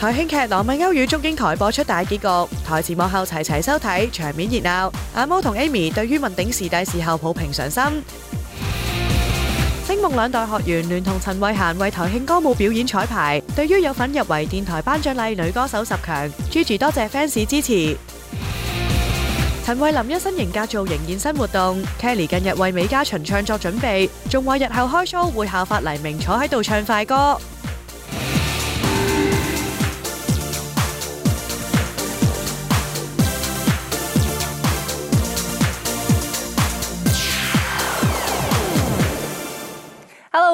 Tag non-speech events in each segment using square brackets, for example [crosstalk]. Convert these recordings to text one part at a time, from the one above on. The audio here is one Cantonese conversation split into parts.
台慶劇《羅密歐與祝英台》播出大結局，台前幕後齊齊收睇，場面熱鬧。阿毛同 Amy 對於問鼎視帝視后抱平常心。 [music] 星夢兩代學員聯同陳慧嫻為台慶歌舞表演綵排，對於有份入圍電台頒獎禮女歌手十強，Gigi 多謝 fans 支持。陳 [music] 慧琳一身型格造型現身活動 [music] ，Kelly 近日為美加巡唱作準備，仲話日後開 show 會效法黎明坐喺度唱快歌。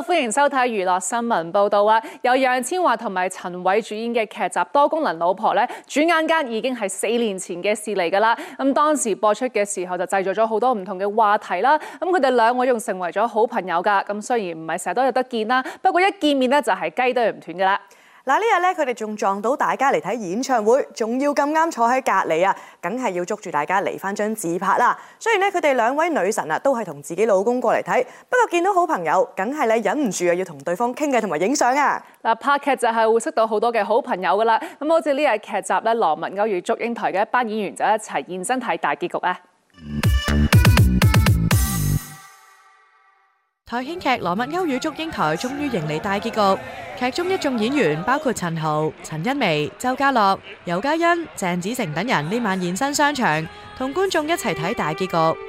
歡迎收睇娛樂新聞報道啊！由楊千嬅同埋陳煒主演嘅劇集《多功能老婆》咧，轉眼間已經係四年前嘅事嚟噶啦。咁當時播出嘅時候就製造咗好多唔同嘅話題啦。咁佢哋兩位仲成為咗好朋友噶。咁雖然唔係成日都有得見啦，不過一見面咧就係雞啄唔斷噶啦。嗱，呢日咧佢哋仲撞到大家嚟睇演唱會，仲要咁啱坐喺隔離啊，梗係要捉住大家嚟翻張自拍啦。雖然咧佢哋兩位女神啊，都係同自己老公過嚟睇，不過見到好朋友，梗係咧忍唔住談談啊，要同對方傾偈同埋影相啊。嗱，拍劇就係會，會識到好多嘅好朋友噶啦。咁好似呢日劇集咧《羅密歐與祝英台》嘅一班演員就一齊現身睇大結局啊。台慶劇《羅密歐與祝英台》終於迎嚟大結局，劇中一眾演員包括陳豪、陳茵媺、周家樂、尤嘉欣、鄭子誠等人呢晚現身商場，同觀眾一齊睇大結局。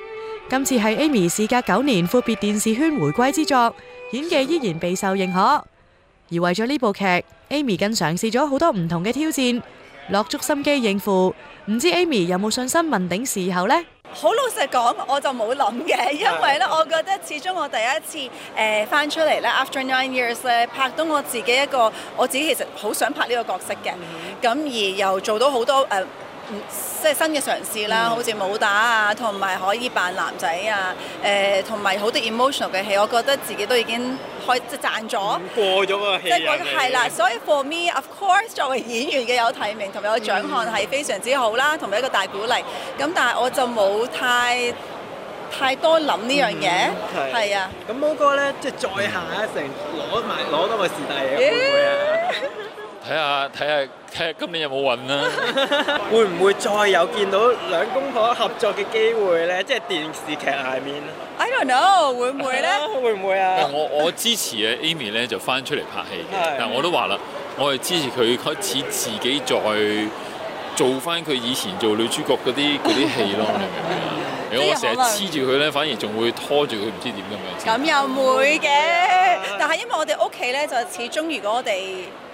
今次係 Amy 事隔九年闊別電視圈回歸之作，演技依然備受認可。而為咗呢部劇，Amy 更嘗試咗好多唔同嘅挑戰，落足心機應付。唔知 Amy 有冇信心問鼎視后呢？好老實講，我就冇諗嘅，因為咧，我覺得始終我第一次誒、呃、返出嚟咧，after nine years 咧拍到我自己一個，我自己其實好想拍呢個角色嘅，咁、mm hmm. 而又做到好多誒。呃即係新嘅嘗試啦，好似武打啊，同埋可以扮男仔啊，誒，同埋好多 emotional 嘅戲，我覺得自己都已經可以賺咗過咗個戲啊，係啦，所以 for me of course 作為演員嘅有提名同埋有獎項係非常之好啦，同埋一個大鼓勵。咁但係我就冇太太多諗呢樣嘢，係啊。咁我哥咧，即係再下一城，攞埋攞多個視帝，會唔會啊？睇下睇下睇下今年有冇運啊？ [laughs] 會唔會再有見到兩公婆合作嘅機會咧？即係電視劇下面，I mean. I don't know，會唔會咧？ [laughs] 會唔會啊？我我支持嘅 Amy 咧就翻出嚟拍戲嘅， [laughs] 但我都話啦，我係支持佢開始自己再做翻佢以前做女主角嗰啲嗰啲戲咯，你明唔明啊？如果我成日黐住佢咧，反而仲會拖住佢，唔知點咁樣。咁又唔會嘅，啊、但係因為我哋屋企咧，就始終如果我哋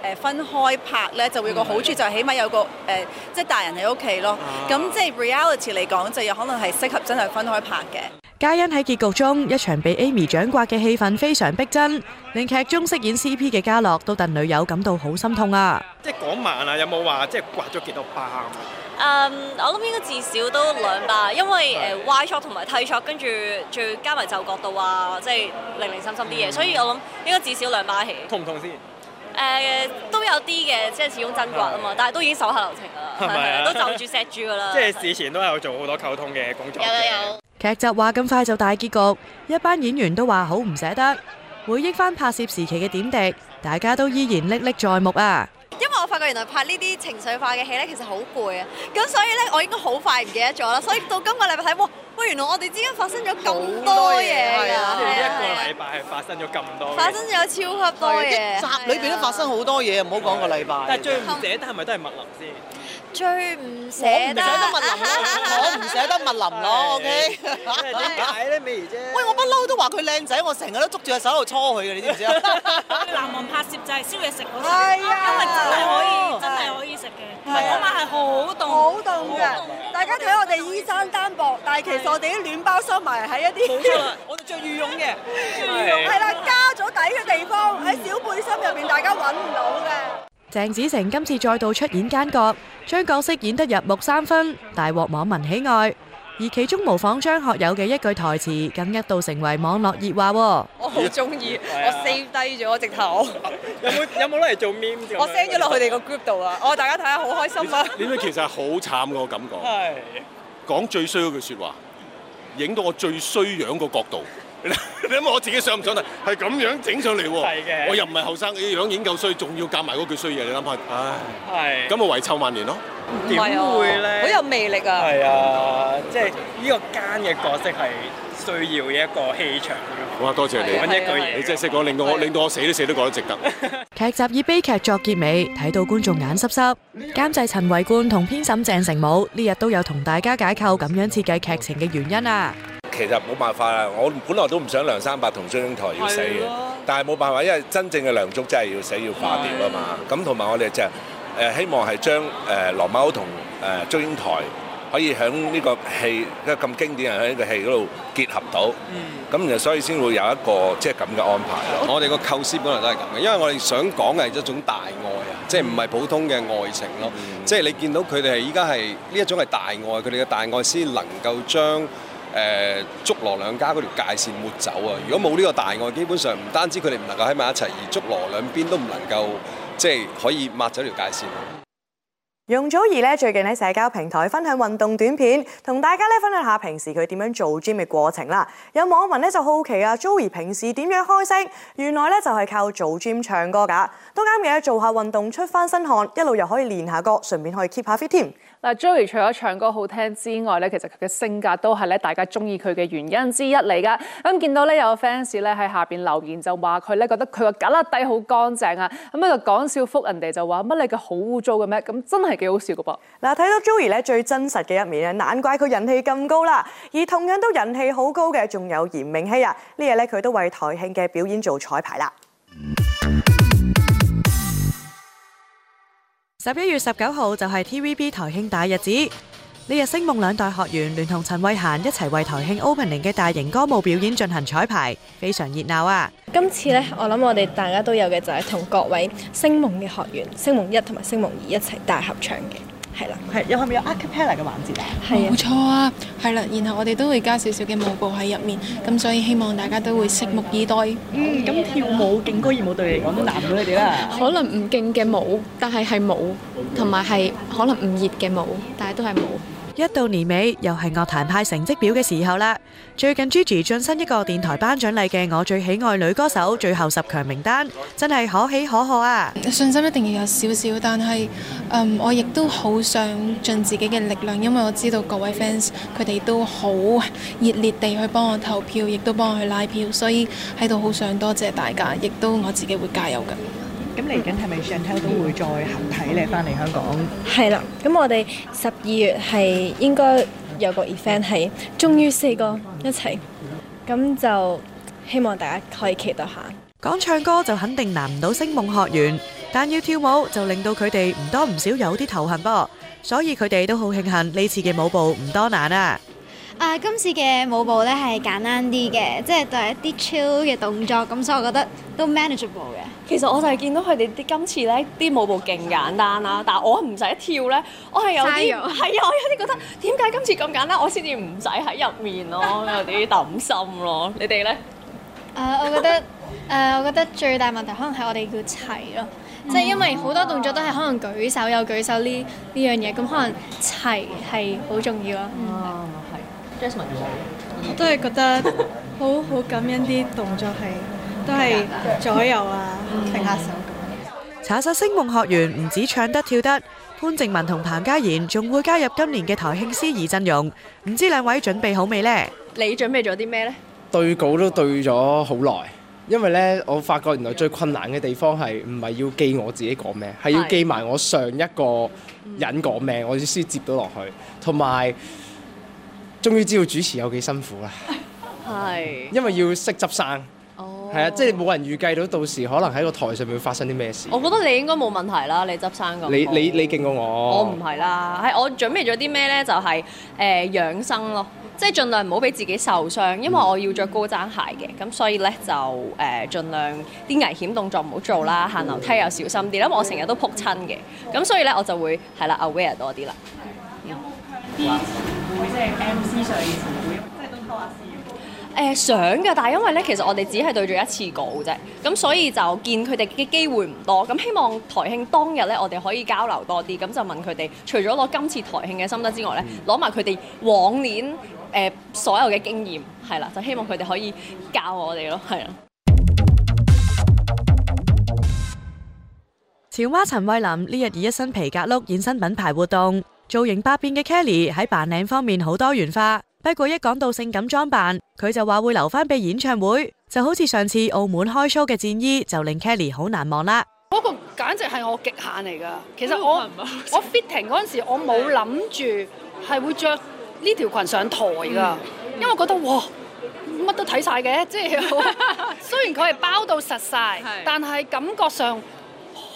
誒分開拍咧，就會有個好處就係起碼有個誒、呃，即係大人喺屋企咯。咁、啊、即係 reality 嚟講，就有可能係適合真係分開拍嘅。嘉欣喺結局中一場被 Amy 掌摑嘅戲份非常逼真，令劇中飾演 CP 嘅嘉樂都戥女友感到好心痛啊！即係講慢啊，有冇話即係摑咗幾多巴？嗯，um, 我諗應該至少都兩把，因為誒歪錯同埋替錯，是的 uh, T shot, 跟住再加埋就角度啊，即係零零散散啲嘢，嗯、所以我諗應該至少兩把起。痛唔痛先？誒、uh, 都有啲嘅，即係始終爭刮啊嘛，是的 但係都已經手下留情啦，的的都就住錫住噶啦。即係事前都係有做好多溝通嘅工作有有。有有的劇集話咁快就大結局，一班演員都話好唔捨得，回憶翻拍攝時期嘅點滴，大家都依然歷歷在目啊！因為我發覺原來拍呢啲情緒化嘅戲咧，其實好攰啊！咁所以咧，我應該好快唔記得咗啦。所以到今個禮拜睇，哇！喂，原來我哋之間發生咗咁多嘢啊！啊啊啊一個禮拜係發生咗咁多，發生咗超級多嘢。對集裏邊都發生好多嘢，唔好講個禮拜。但係最唔捨得係咪都係麥林先？最唔捨得，我唔捨得麥林囉，我唔捨得麥林囉，O K。即係點解咧？美儀姐。喂，我不嬲都話佢靚仔，我成日都捉住個手喺度搓佢嘅，你知唔知啊？難忘拍攝就係燒嘢食嗰時，因為真係可以，真係可以食嘅。嗰晚係好凍，好凍嘅。大家睇我哋衣衫單薄，但係其實我哋啲暖包收埋喺一啲。冇錯啦，我哋著羽絨嘅，羽絨係啦，加咗底嘅地方喺小背心入邊，大家揾唔到嘅。鄭子誠今次再度出演奸角，將角色演得入木三分，大獲網民喜愛。而其中模仿張學友嘅一句台詞，更一度成為網絡熱話。我好中意，我 save 低咗我直頭，有冇有冇攞嚟做 meme？我 send 咗落佢哋個 group 度啦，我大家睇下好開心啊！呢啲其實好慘個感覺，講最衰嗰句說話，影到我最衰樣個角度。你諗我自己想唔想睇？係咁樣整上嚟喎，我又唔係後生，啲樣已經夠衰，仲要夾埋嗰句衰嘢，你諗下，唉，係，咁咪遺臭萬年咯？點會咧？好有魅力啊！係啊，即係呢個奸嘅角色係需要嘅一個氣場。好啊，多謝你。揾一句嘢，你真係識講，令到我，令到我死都死都覺得值得。劇集以悲劇作結尾，睇到觀眾眼濕濕。監製陳維冠同編審鄭成武呢日都有同大家解構咁樣設計劇情嘅原因啊！其實冇辦法啊！我本來都唔想梁山伯同祝英台要死嘅，但係冇辦法，因為真正嘅梁祝真係要死要化蝶啊嘛。咁同埋我哋就誒希望係將誒羅馬歐同誒祝英台可以喺呢個戲，因為咁經典喺個戲嗰度結合到，咁然後所以先會有一個即係咁嘅安排。我哋個構思本來都係咁嘅，因為我哋想講嘅係一種大愛啊，即係唔係普通嘅愛情咯，即係你見到佢哋係依家係呢一種係大愛，佢哋嘅大愛先能夠將誒，竹羅兩家嗰條界線抹走啊！如果冇呢個大愛，基本上唔單止佢哋唔能夠喺埋一齊，而竹羅兩邊都唔能夠，即係可以抹走條界線。容祖兒咧，最近喺社交平台分享運動短片，同大家咧分享下平時佢點樣做 gym 嘅過程啦。有網民咧就好奇啊，Joey 平時點樣開聲？原來咧就係靠做 gym 唱歌噶，都啱嘅，做下運動出翻身汗，一路又可以練下歌，順便可以 keep 下 fit 添。嗱，Joey 除咗唱歌好聽之外咧，其實佢嘅性格都係咧大家中意佢嘅原因之一嚟噶。咁見到咧有 fans 咧喺下邊留言就話佢咧覺得佢個架拉底好乾淨啊，咁啊講笑，覆人哋就話乜你嘅好污糟嘅咩？咁真係。係幾好笑噶噃。嗱，睇到 Joey 咧最真實嘅一面啊，難怪佢人氣咁高啦。而同樣都人氣好高嘅，仲有嚴明熙啊，呢日，咧佢都為台慶嘅表演做彩排啦。十一月十九號就係 TVB 台慶大日子，呢日星夢兩代學員聯同陳慧嫻一齊為台慶 opening 嘅大型歌舞表演進行彩排，非常熱鬧啊！今次呢，我諗我哋大家都有嘅就係同各位聲夢嘅學員聲夢一同埋聲夢二一齊大合唱嘅，係啦，係。然後面有 acapella 嘅環節啊，冇 [noise] 是的 錯啊，係啦。然後我哋都會加少少嘅舞步喺入面，咁所以希望大家都會拭目以待。咁、嗯、跳舞勁歌熱舞對你嚟講都難唔到你哋啦。可能唔勁嘅舞，但係係舞，同埋係可能唔熱嘅舞，但係都係舞。一到年尾，又係樂壇派成績表嘅時候啦。最近 Gigi 晉身一個電台頒獎禮嘅我最喜愛女歌手最後十強名單，真係可喜可賀啊！信心一定要有少少，但係、嗯、我亦都好想盡自己嘅力量，因為我知道各位 fans 佢哋都好熱烈地去幫我投票，亦都幫我去拉票，所以喺度好想多謝大家，亦都我自己會加油噶。咁嚟緊係咪上台都會再行睇咧？返嚟香港係啦，咁我哋十二月係應該有個 event 係終於四個一齊，咁就希望大家可以期待下。講唱歌就肯定難唔到聲夢學員，但要跳舞就令到佢哋唔多唔少有啲頭痕噃，所以佢哋都好慶幸呢次嘅舞步唔多難啊！Uh, 今次嘅舞步咧係簡單啲嘅，即係就係一啲 chill 嘅動作，咁所以我覺得都 manageable 嘅。其實我就係見到佢哋啲今次咧啲舞步勁簡單啦，啊，但係我唔使跳咧，我係有啲係啊，我有啲覺得點解今次咁簡單，我先至唔使喺入面咯，有啲揼心咯。 [laughs] 你哋咧？啊，uh, 我覺得誒， [laughs] uh, 我覺得最大問題可能係我哋要齊咯，即係、嗯、因為好多動作都係可能舉手有舉手呢呢樣嘢，咁可能齊係好重要咯。嗯 uh, 我都係覺得好好感恩啲動作係，都係左右啊，定握手咁。查實星夢學員唔止唱得跳得，潘靜文同彭嘉賢仲會加入今年嘅台慶司儀陣容，唔知兩位準備好未呢？你準備咗啲咩呢？對稿都對咗好耐，因為呢我發覺原來最困難嘅地方係唔係要記我自己講咩，係要記埋我上一個人講咩，我先接到落去，同埋。終於知道主持有幾辛苦啦、啊！係 [laughs] 是，因為要識執生，係、oh. 啊，即係冇人預計到到時可能喺個台上面發生啲咩事。我覺得你應該冇問題啦，你執生咁。你你你勁過我。我唔係啦，係我準備咗啲咩呢？就係、是、誒、呃、養生咯，即係盡量唔好俾自己受傷，因為我要着高踭鞋嘅，咁所以呢，就誒、呃、盡量啲危險動作唔好做啦，行樓梯又小心啲，因為我成日都仆親嘅，咁所以呢，我就會係啦 aware 多啲啦。 [laughs] [laughs] 即係 M C 上以前會即係都偷下試咯。誒想嘅，但係因為咧，其實我哋只係對住一次稿啫，咁所以就見佢哋嘅機會唔多。咁希望台慶當日咧，我哋可以交流多啲。咁就問佢哋，除咗攞今次台慶嘅心得之外咧，攞埋佢哋往年誒、呃、所有嘅經驗，係啦，就希望佢哋可以教我哋咯，係啊。潮媽陳慧琳呢日以一身皮革 look 衍生品牌活動。造型百變嘅 Kelly 喺扮靚方面好多元化，不過一講到性感裝扮，佢就話會留翻俾演唱會，就好似上次澳門開 show 嘅戰衣就令 Kelly 好難忘啦。嗰個簡直係我極限嚟噶其實我、哦、我 fitting 嗰陣時我冇諗住係會着呢條裙上台噶，嗯嗯、因為覺得哇乜都睇晒嘅，即、就、係、是、雖然佢係包到實晒，但係感覺上。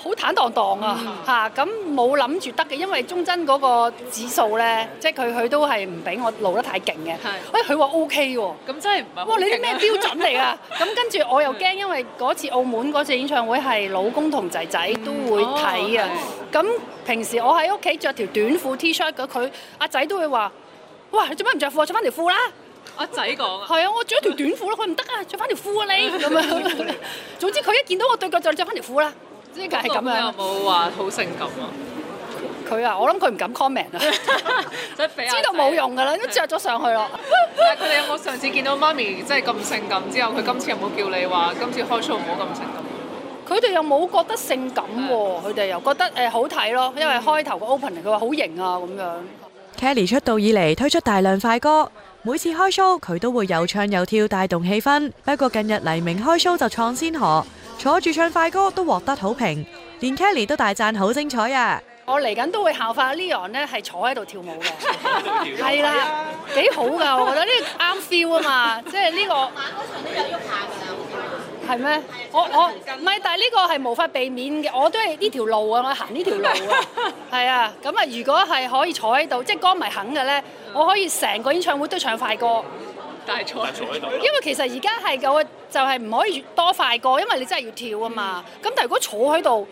好坦蕩蕩啊，嚇咁冇諗住得嘅，因為忠貞嗰個指數咧，即係佢佢都係唔俾我露得太勁嘅。係是，哎佢話 O K 喎，咁、嗯、真係唔係，哇你啲咩標準嚟㗎？咁、 [laughs] 嗯、跟住我又驚，因為嗰次澳門嗰次演唱會係老公同仔仔都會睇啊。咁平時我喺屋企着條短褲 T-shirt 佢阿仔都會話，哇你做咩唔著褲？着翻條褲啦！阿仔講啊，係啊、 [laughs] 嗯，我著條短褲咯。佢唔得啊，着翻條褲啊你咁啊。樣 [laughs] 總之佢一見到我對腳就着翻條褲啦。有冇話好性感啊？佢啊，我諗佢唔敢 comment 啊！肥知道冇用㗎啦，都著咗上去咯。但係佢哋有冇上次見到媽咪真係咁性感之後，佢今次有冇叫你話今次開 show 唔好咁性感？佢哋又冇覺得性感喎，佢哋又覺得誒好睇咯，因為開頭個 opening，佢話好型啊咁樣。Kelly 出道以嚟推出大量快歌，每次開 show 佢都會有唱有跳帶動氣氛。不過近日黎明開 show 就創先河。坐住唱快歌都獲得好評，連 Kelly 都大讚好精彩啊！我嚟緊都會效法 Leon 咧，係坐喺度跳舞喎，係啦， [laughs] [laughs] 幾好噶！我覺得呢啱 feel 啊嘛，即係呢個。係咩？我我唔係，但係呢個係無法避免嘅，我都係呢條路啊！我行呢條路啊，係啊，咁啊，如果係可以坐喺度，即係歌迷肯嘅咧， [laughs] 我可以成個演唱會都唱快歌。但坐因為其實而家係個就係、是、唔可以多快歌，因為你真係要跳啊嘛。咁、嗯、但係如果坐喺度，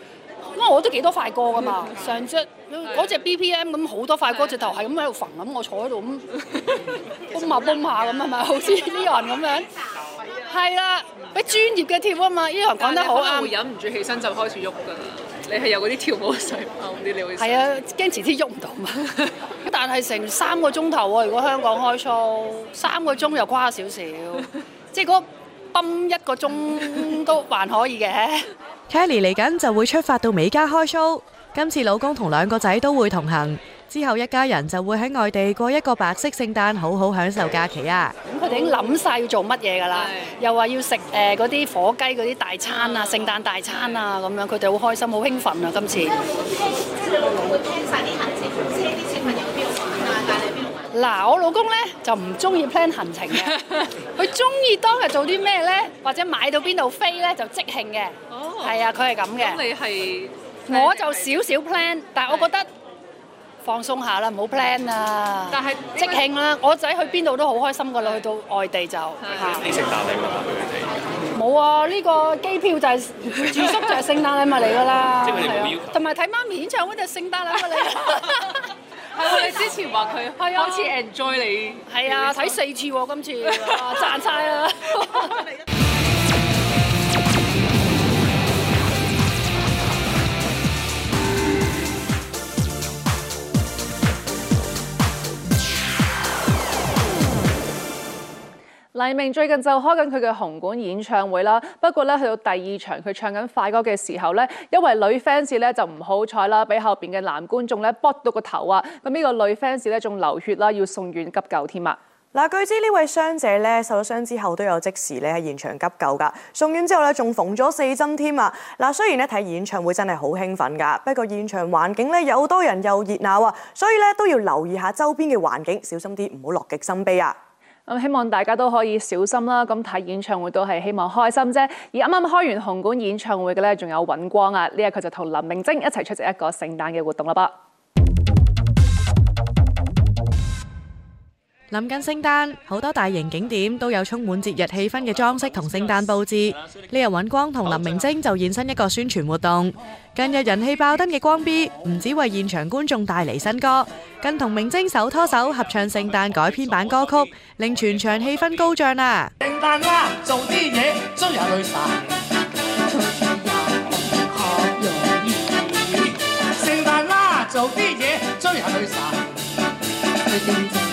因為我都幾多快歌噶嘛， [laughs] 上隻嗰隻 BPM 咁好多快歌直、嗯、頭係咁喺度馴咁，我坐喺度咁蹦下蹦下咁，係咪好似呢個人咁樣？係啦、 [laughs] 嗯，畀專業嘅跳啊嘛，呢、呢個、人講得好啱。會忍唔住起身就開始喐噶啦。你係有嗰啲跳舞嘅水啲，你好似係啊，驚遲啲喐唔到嘛， [laughs] [laughs] 但係成三個鐘頭喎。如果香港開 show，三個鐘又誇少少， [laughs] 即係嗰泵一個鐘都還可以嘅。Kelly 嚟緊就會出發到美加開 [laughs] show， [laughs] 今次老公同兩個仔都會同行。之後一家人就會喺外地過一個白色聖誕，好好享受假期啊！咁佢哋已經諗晒要做乜嘢噶啦，又話要食誒嗰啲火雞嗰啲大餐啊，聖誕大餐啊咁樣，佢哋好開心，好興奮啊！今次。即係我聽，即係我會聽晒啲行程，聽啲小朋友邊度玩啊，帶你邊度玩。嗱，我老公呢就唔中意 plan 行程嘅，佢中意當日做啲咩呢，或者買到邊度飛呢就即興嘅。哦。係啊，佢係咁嘅。咁你係？我就少少 plan，但係我覺得。放鬆下啦，唔好 plan 啦。但係即興啦，我仔去邊度都好開心噶啦，去到外地就。係。呢聖誕禮物俾佢哋？冇啊，呢個機票就係住宿就係聖誕禮物嚟㗎啦，係啊。同埋睇媽咪演唱會就係聖誕禮物嚟。係我哋之前話佢，係啊，好似 enjoy 你。係啊，睇四次喎，今次賺晒啦。黎明最近就開緊佢嘅紅館演唱會啦，不過咧去到第二場，佢唱緊快歌嘅時候咧，因為女 fans 咧就唔好彩啦，俾後邊嘅男觀眾咧卜到個頭啊！咁呢個女 fans 咧仲流血啦，要送院急救添啊！嗱，據知呢位傷者咧受咗傷之後都有即時咧喺現場急救噶，送院之後咧仲縫咗四針添啊！嗱，雖然咧睇演唱會真係好興奮噶，不過現場環境咧有多人又熱鬧啊，所以咧都要留意下周邊嘅環境，小心啲唔好樂極生悲啊！希望大家都可以小心啦，咁睇演唱會都係希望開心啫。而啱啱開完紅館演唱會嘅咧，仲有尹光啊，呢日佢就同林明禎一齊出席一個聖誕嘅活動啦噃。諗緊聖誕，好多大型景點都有充滿節日氣氛嘅裝飾同聖誕布置。呢日尹光同林明晶就現身一個宣傳活動。近日人氣爆燈嘅光 B，唔止為現場觀眾帶嚟新歌，更同明晶手拖手合唱聖誕改編版歌曲，令全場氣氛高漲啦、啊！聖誕 [laughs] [laughs]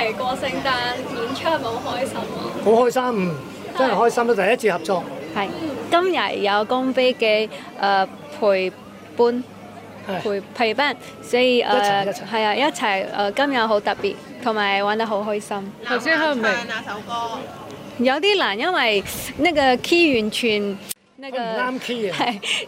係過聖誕演出，好開心。好開心，嗯，真係開心啦！第一次合作係今日有公飛嘅誒，陪伴陪陪伴，所以誒係啊，一齊誒今日好特別，同埋玩得好開心。頭先唱嗰首歌有啲難，因為呢個 key 完全唔啱 key，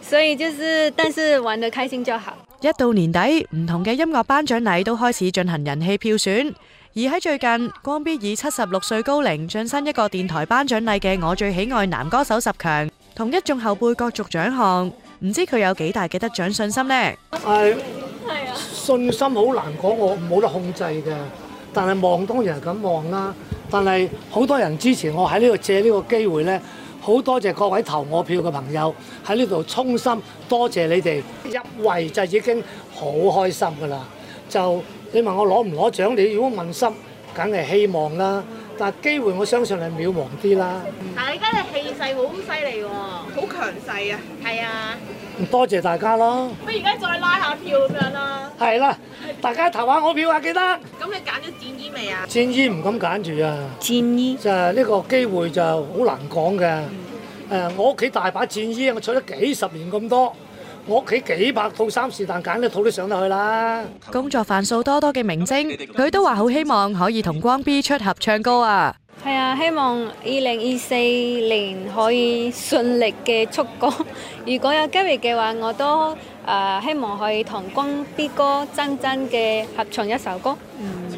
所以就是，但是玩得開心就好。一到年底，唔同嘅音樂頒獎禮都開始進行人氣票選。而喺最近，尹光以七十六歲高齡，晉身一個電台頒獎禮嘅我最喜愛男歌手十強，同一眾後輩角逐獎項，唔知佢有幾大嘅得獎信心咧？係，係啊，信心好難講，我冇得控制嘅。但係望當然係咁望啦。但係好多人支持我，喺呢度借呢個機會咧，好多謝各位投我票嘅朋友，喺呢度衷心多謝你哋。入圍就已經好開心㗎啦，就。你問我攞唔攞獎？你如果問心，梗係希望啦。但係機會，我相信係渺茫啲啦。但係你而家嘅氣勢好犀利喎，好強勢啊！係啊，多謝大家咯。不如而家再拉下票咁樣啦。係啦、啊，大家投下我票啊！記得。咁你揀咗戰衣未啊？戰衣唔敢揀住啊。戰衣就係呢個機會就好難講嘅。誒、嗯呃，我屋企大把戰衣，我出咗幾十年咁多。我屋企幾百套衫，是但揀咗套都上得去啦。工作繁瑣多多嘅明星，佢都話好希望可以同光 B 出合唱歌啊。係啊，希望二零二四年可以順利嘅出歌。如果有機會嘅話，我都誒希望可以同光 B 哥真真嘅合唱一首歌。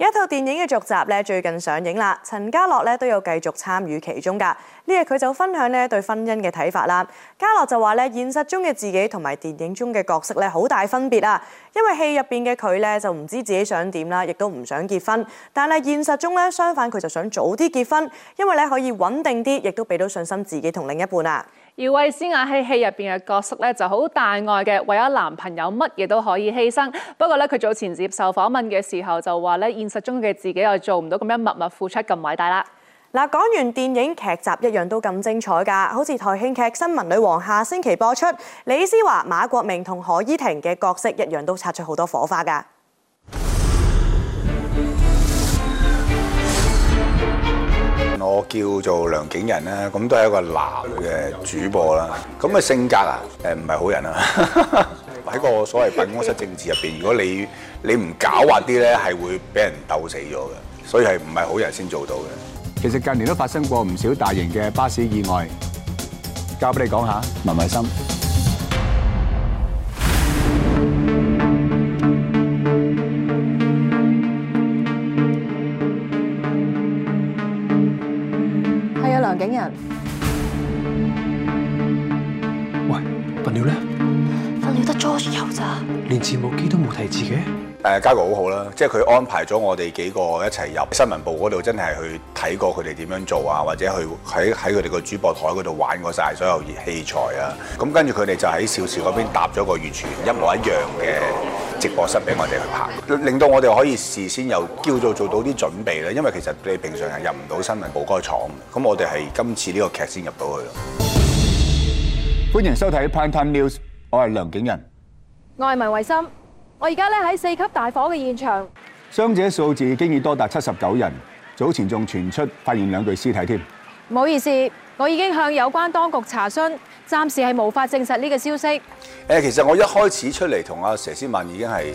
一套電影嘅續集咧，最近上映啦。陳家樂咧都有繼續參與其中噶。呢日佢就分享咧對婚姻嘅睇法啦。家樂就話咧，現實中嘅自己同埋電影中嘅角色咧好大分別啊。因為戲入邊嘅佢咧就唔知自己想點啦，亦都唔想結婚。但係現實中咧，相反佢就想早啲結婚，因為咧可以穩定啲，亦都俾到信心自己同另一半啊。衛詩雅喺戲入邊嘅角色咧就好大愛嘅，為咗男朋友乜嘢都可以犧牲。不過咧，佢早前接受訪問嘅時候就話咧，現實中嘅自己又做唔到咁樣默默付出咁偉大啦。嗱，講完電影劇集一樣都咁精彩噶，好似台慶劇《新聞女王》，下星期播出，李施嬅、馬國明同何依婷嘅角色一樣都擦出好多火花噶。我叫做梁景仁啦，咁都係一個男嘅主播啦。咁嘅性格啊，誒唔係好人啊。喺個所謂辦公室政治入邊，如果你你唔狡猾啲咧，係會俾人鬥死咗嘅。所以係唔係好人先做到嘅？其實近年都發生過唔少大型嘅巴士意外，交俾你講下，文慧心。誒嘉豪好好啦，即係佢安排咗我哋幾個一齊入新聞部嗰度，真係去睇過佢哋點樣做啊，或者去喺喺佢哋個主播台嗰度玩過晒所有器材啊。咁跟住佢哋就喺邵氏嗰邊搭咗個完全一模一樣嘅直播室俾我哋去拍，令到我哋可以事先又叫做做到啲準備啦。因為其實你平常係入唔到新聞部嗰個廠，咁我哋係今次呢個劇先入到去咯。歡迎收睇 Prime Time News，我係梁景仁，我係文慧心。我而家咧，喺四級大火嘅現場，傷者數字經已多達七十九人，早前仲傳出發現兩具屍體添。唔好意思，我已經向有關當局查詢，暫時係無法證實呢個消息。誒，其實我一開始出嚟，同阿佘詩曼已經係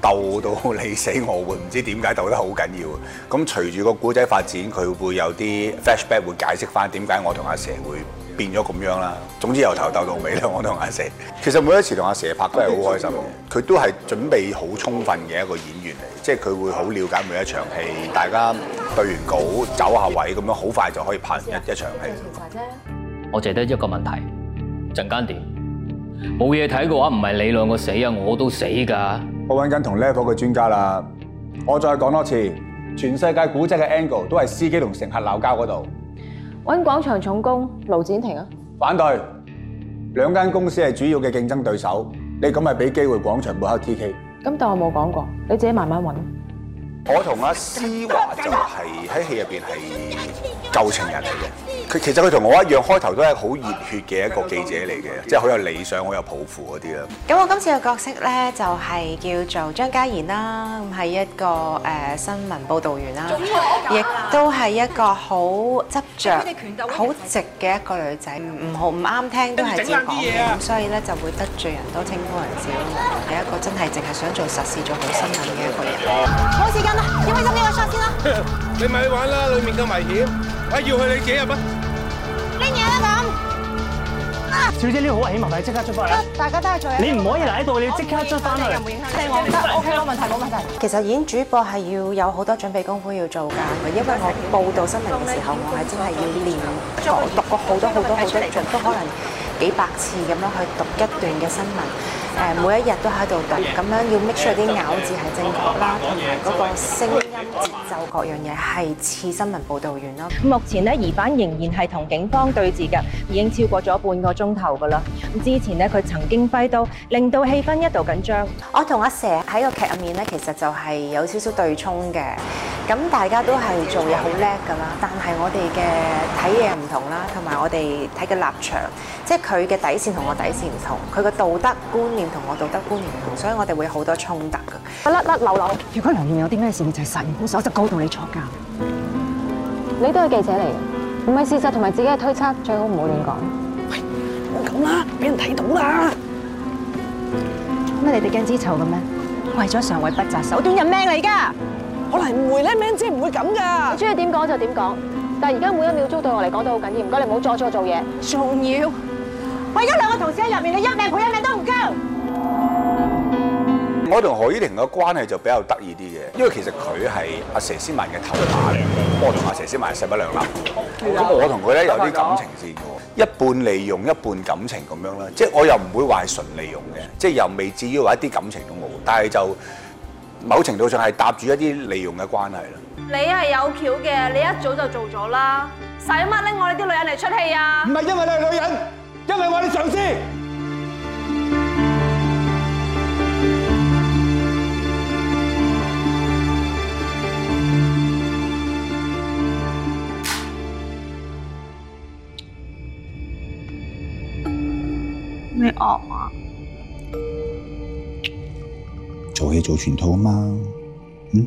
鬥到你死我活，唔知點解鬥得好緊要。咁隨住個古仔發展，佢會有啲 flashback 會解釋翻點解我同阿佘會變咗咁樣啦，總之由頭鬥到尾啦，我同阿蛇。其實每一次同阿蛇拍都係好開心嘅，佢都係準備好充分嘅一個演員嚟，即係佢會好了解每一場戲，大家對完稿走下位咁樣，好快就可以拍一一場戲。我淨係得一個問題，陣間點？冇嘢睇嘅話，唔係你兩個死啊，我都死㗎。我揾緊同 level 嘅專家啦，我再講多次，全世界古跡嘅 angle 都係司機同乘客鬧交嗰度。揾廣場重工盧展婷啊！反對，兩間公司係主要嘅競爭對手，你咁咪俾機會廣場冇刻 TK。咁但我冇講過，你自己慢慢揾。我同阿思華就係喺戲入邊係。舊情人嚟嘅，佢其實佢同我一樣，開頭都係好熱血嘅一個記者嚟嘅，即係好有理想、好有抱負嗰啲啦。咁我今次嘅角色咧就係叫做張嘉賢啦，係一個誒新聞報導員啦，亦都係一個好執著、好直嘅一個女仔，唔好唔啱聽都係真講嘅，咁所以咧就會得罪人多稱呼人少。係一個真係淨係想做實事、做好新聞嘅一個人。冇時間啦，點開心嘅話，shot 先啦。你咪去玩啦，裡面咁危險。我要去你幾日啊？拎嘢都咁，啊！小姐，呢啲好危險問題，即刻出翻嚟。大家都係做嘢，你唔可以留喺度，你要即刻出翻嚟。又唔會影響，即我唔得，OK 咯，冇問題冇問題。其實演主播係要有好多準備功夫要做㗎，因為我報道新聞嘅時候，我係真係要練過讀過好多好多好多，都可能。幾百次咁樣去讀一段嘅新聞，誒每一日都喺度讀，咁樣要 make 出啲咬字係正確啦，同埋嗰個聲音節奏各樣嘢係似新聞報導員咯。目前呢，疑犯仍然係同警方對峙㗎，已經超過咗半個鐘頭㗎喇。咁之前呢，佢曾經揮刀，令到氣氛一度緊張。我同阿蛇喺個劇入面呢，其實就係有少少對沖嘅。咁大家都係做嘢好叻㗎喇，但係我哋嘅睇嘢唔同啦，同埋我哋睇嘅立場，即係。佢嘅底線同我底線唔同，佢嘅道德觀念同我道德觀念唔同，所以我哋會有好多衝突噶。甩甩漏漏，如果梁燕有啲咩事，你就實驗好手就告到你坐監。你都係記者嚟，唔係事實同埋自己嘅推測，最好唔好亂講。喂，好咁啦，俾人睇到啦。乜你哋驚之臭嘅咩？為咗上位不擇手段，人命嚟噶，可能唔會咧，明姐唔會咁噶。你中意點講就點講，但係而家每一秒鐘對我嚟講都好緊要，唔該你唔好阻住我做嘢。重要。我一兩個同事喺入面，你一命賠一命都唔夠。我同何依婷嘅關係就比較得意啲嘅，因為其實佢係阿佘詩曼嘅頭牌嚟嘅，咁我同阿佘詩曼勢不兩立。咁我同佢咧有啲感情線嘅，一半利用一半感情咁樣啦，即係我又唔會話係純利用嘅，即係又未至於話一啲感情都冇，但係就某程度上係搭住一啲利用嘅關係啦。你係有橋嘅，你一早就做咗啦，使乜拎我哋啲女人嚟出氣啊？唔係因為你係女人。因為我哋上司。咩惡話？做戲做全套啊嘛。嗯。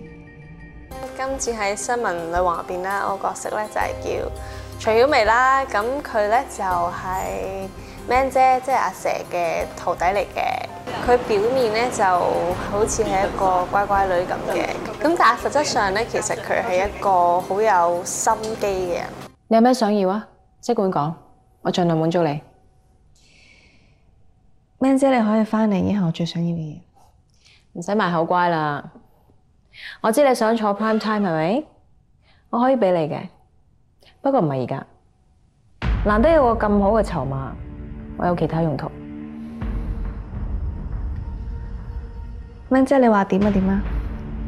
今次喺新聞女王入邊咧，我角色咧就係叫徐曉薇啦，咁佢咧就係 Man 姐，即係阿蛇嘅徒弟嚟嘅。佢表面咧就好似係一個乖乖女咁嘅，咁但係實質上咧，其實佢係一個好有心機嘅人。你有咩想要啊？即管講，我盡量滿足你。Man 姐你可以翻嚟，以後我最想要嘅嘢。唔使賣口乖啦，我知你想坐 prime time 係咪？我可以俾你嘅。不過唔係而家，難得有個咁好嘅籌碼，我有其他用途。明姐，你話點啊點啊？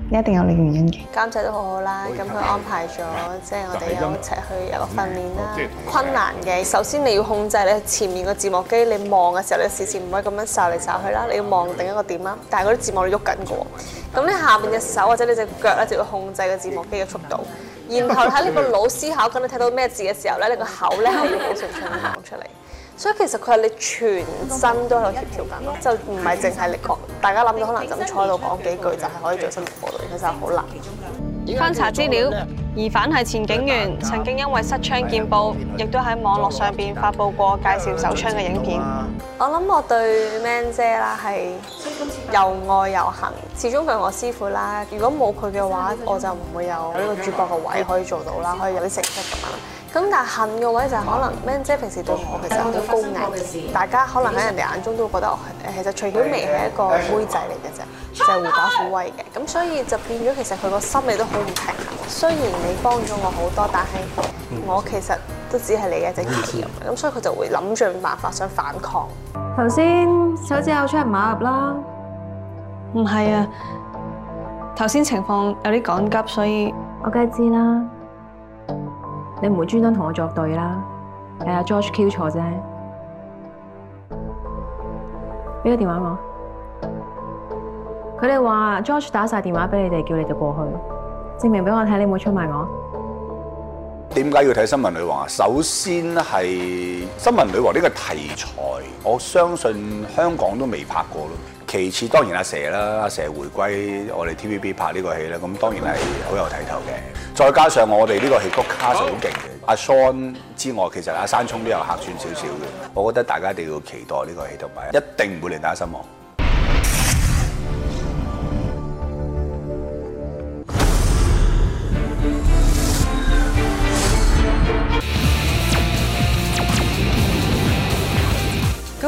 你一定有你原因嘅，監製都好好啦，咁佢安排咗，即係我哋有一齊去有個訓練啦。困難嘅，首先你要控制你前面個字幕機，你望嘅時候，你事前唔可以咁樣掃嚟掃去啦，你要望定一個點啦。但係嗰啲字幕你喐緊嘅喎，咁你下面隻手或者你隻腳咧就要控制個字幕機嘅速度，然後喺你個腦思考，咁你睇到咩字嘅時候咧，你個口咧要好順暢講出嚟。所以其實佢係你全身都喺度協調緊咯，對就唔係淨係力講。對大家諗到可能就咁坐喺度講幾句就係可以做新聞報導，其實好難。翻查資料，疑犯係前警員，曾對經因為失槍見報，亦都喺網絡上面發布過介紹手槍嘅影片。對我諗我對 Man 姐啦係又愛又恨，始終佢係我師傅啦。如果冇佢嘅話，我就唔會有呢個主角嘅位可以做到啦，可以有啲成績噉樣。咁但係恨嘅位就可能 Man 姐平時對我其實好高危。大家可能喺人哋眼中都會覺得我，誒其實徐曉薇係一個妹仔嚟嘅啫，就係、是、狐假虎威嘅。咁所以就變咗，其實佢個心理都好唔平衡。雖然你幫咗我好多，但係我其實都只係你一隻咁。所以佢就會諗盡辦法想反抗。頭先手指咬出嚟唔合啦，唔係啊，頭先情況有啲趕急，所以我梗係知啦。你唔會專登同我作對啦，係啊，George Q 錯啫，俾個電話我。佢哋話 George 打晒電話俾你哋，叫你哋過去，證明俾我睇你冇出賣我。點解要睇新聞女王？首先係新聞女王呢個題材，我相信香港都未拍過咯。其次，當然阿蛇啦，阿蛇回歸我哋 TVB 拍呢個戲咧，咁當然係好有睇頭嘅。再加上我哋呢個戲曲、oh. 卡就好勁嘅，阿 Son、oh. 之外，其實阿、啊、山聰都有客串少少嘅。Oh. 我覺得大家一定要期待呢個戲同埋一定唔會令大家失望。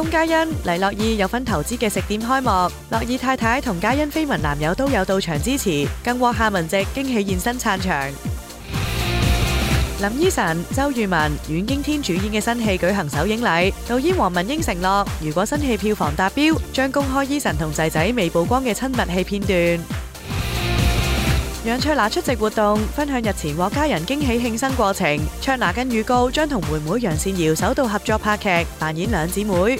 龔嘉欣、黎諾懿有份投資嘅食店開幕，諾懿太太同嘉欣緋聞男友都有到場支持，更獲夏文汐驚喜現身撐場。 [music] 林依晨、周渝民、阮經天主演嘅新戲舉行首映禮，導演黃文英承諾，如果新戲票房達標，將公開依晨同仔仔未曝光嘅親密戲片段。楊卓娜出席活動，分享日前獲家人驚喜慶生過程。卓娜 [noise] 跟預告，將同妹妹楊善瑤首度合作拍劇，扮演兩姊妹。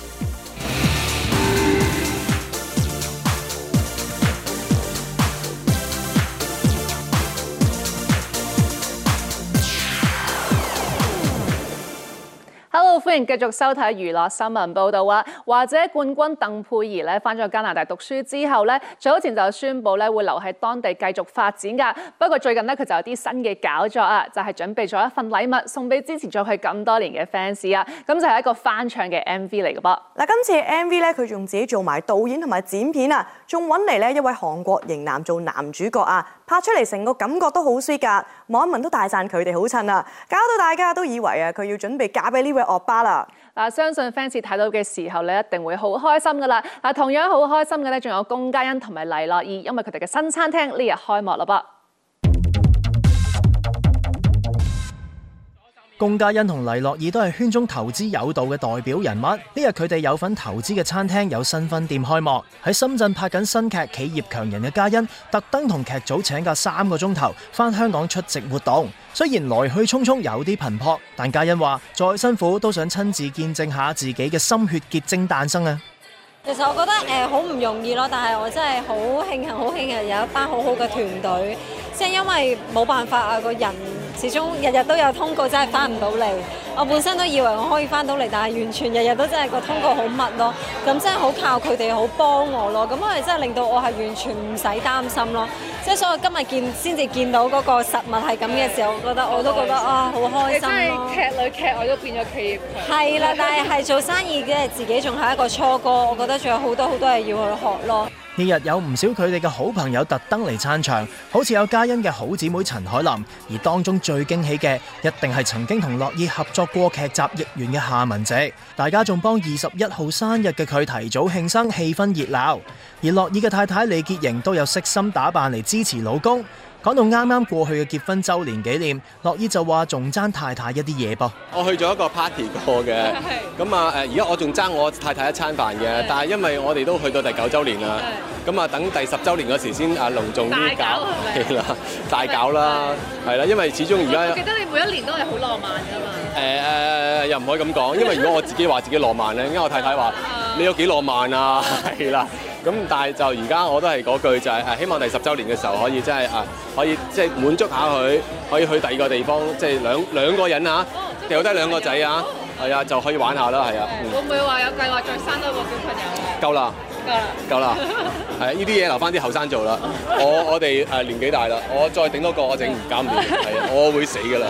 繼續收睇娛樂新聞報道啊，華姐冠軍鄧佩儀咧翻咗加拿大讀書之後咧，早前就宣布咧會留喺當地繼續發展噶。不過最近咧佢就有啲新嘅搞作啊，就係、是、準備咗一份禮物送俾支持咗佢咁多年嘅 fans 啊。咁就係一個翻唱嘅 MV 嚟噶噃。嗱，今次 MV 咧佢仲自己做埋導演同埋剪片啊，仲搵嚟咧一位韓國型男做男主角啊。拍出嚟成個感覺都好舒 w e 噶，網民都大讚佢哋好襯啦，搞到大家都以為啊，佢要準備嫁俾呢位惡霸啦。相信 fans 睇到嘅時候，你一定會好開心噶啦。同樣好開心嘅呢，仲有龔嘉欣同埋黎樂怡，因為佢哋嘅新餐廳呢日開幕啦噃。龔嘉欣同黎諾懿都係圈中投資有道嘅代表人物，呢日佢哋有份投資嘅餐廳有新分店開幕，喺深圳拍緊新劇《企業強人》嘅嘉欣，特登同劇組請假三個鐘頭翻香港出席活動。雖然來去匆匆有啲頻撲，但嘉欣話再辛苦都想親自見證下自己嘅心血結晶誕生啊！其實我覺得誒好唔容易咯，但係我真係好慶幸，好慶幸有一班好好嘅團隊，即係因為冇辦法啊個人。始終日日都有通告，真係翻唔到嚟。我本身都以為我可以翻到嚟，但係完全日日都真係個通告好密咯。咁真係好靠佢哋，好幫我咯。咁係真係令到我係完全唔使擔心咯。即係所以我今日見先至見到嗰個實物係咁嘅時候，我覺得我，覺得對我都覺得對啊，好開心咯！你真係劇裏劇外，我都變咗企業。係啦，但係係做生意嘅自己仲係一個初哥，我覺得仲有好多好多嘢要去學咯。呢日有唔少佢哋嘅好朋友特登嚟撐場，好似有嘉欣嘅好姊妹陳海琳。而當中最驚喜嘅一定係曾經同樂意合作過劇集《逸園》嘅夏文汐，大家仲幫二十一號生日嘅佢提早慶生，氣氛熱鬧。而樂意嘅太太李潔瑩都有悉心打扮嚟支持老公。講到啱啱過去嘅結婚周年紀念，樂伊就話仲爭太太一啲嘢噃。我去咗一個 party 過嘅，咁啊，誒，而家我仲爭我太太一餐飯嘅，是是但係，因為我哋都去到第九周年啦，咁啊，等第十周年嗰時先啊隆重啲搞，係啦，大搞啦，係啦，因為始終而家我記得你每一年都係好浪漫噶嘛？誒誒、呃呃，又唔可以咁講，因為如果我自己話自己浪漫咧， [laughs] 因為我太太話你有幾浪漫啊，係啦。咁但係就而家我都係嗰句就係誒，希望第十週年嘅時候可以真係啊，可以即係、就是、滿足下佢，可以去第二個地方，即、就、係、是、兩兩個人啊，掉低、哦、兩個仔啊，係啊、哦，就可以玩下啦，係啊。會唔會話有計劃再生多一個小朋友？夠啦，夠啦，夠啦，係啊！呢啲嘢留翻啲後生做啦。 [laughs] 我我哋誒年紀大啦，我再頂多個我整唔夾唔掂，係啊，我會死㗎啦。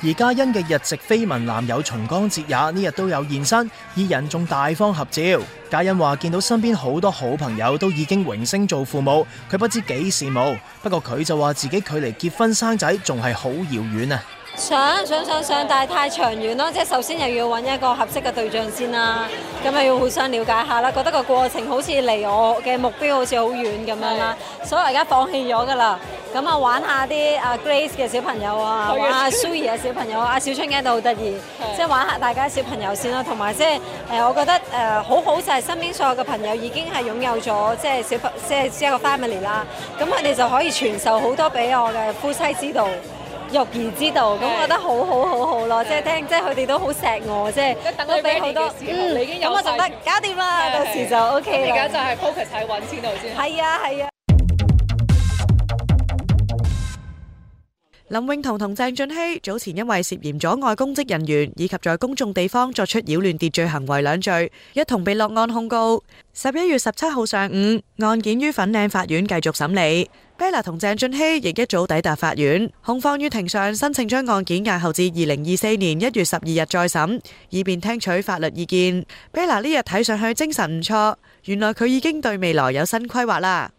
而嘉欣嘅日籍緋聞男友松岡哲也呢日都有現身，二人仲大方合照。嘉欣話見到身邊好多好朋友都已經榮升做父母，佢不知幾羨慕。不過佢就話自己距離結婚生仔仲係好遙遠啊。想想想，想，但係太長遠咯。即係首先又要搵一個合適嘅對象先啦。咁又要互相了解下啦。覺得個過程好似離我嘅目標好似好遠咁樣啦。是所以我而家放棄咗噶啦。咁啊玩下啲啊 Grace 嘅小朋友啊，阿 Sue 嘅小朋友，啊， [laughs] 啊小春嘅都好得意。是即係玩下大家小朋友先啦。同埋即係誒，我覺得誒、呃、好好就係、是、身邊所有嘅朋友已經係擁有咗即係小朋即係一個 family 啦。咁佢哋就可以傳授好多俾我嘅夫妻之道。育兒之道，我、嗯、覺得好好好好咯，即係的聽，即係佢哋都好錫我，即係我俾好多時間，嗯，咁我就得搞掂啦，的到時就 O K 啦，而家就係 focus 喺揾錢度先，係啊，係啊。林穎彤同鄭俊熙早前因為涉嫌阻礙公職人員以及在公眾地方作出擾亂秩序行為兩罪一同被落案控告11月17號年1月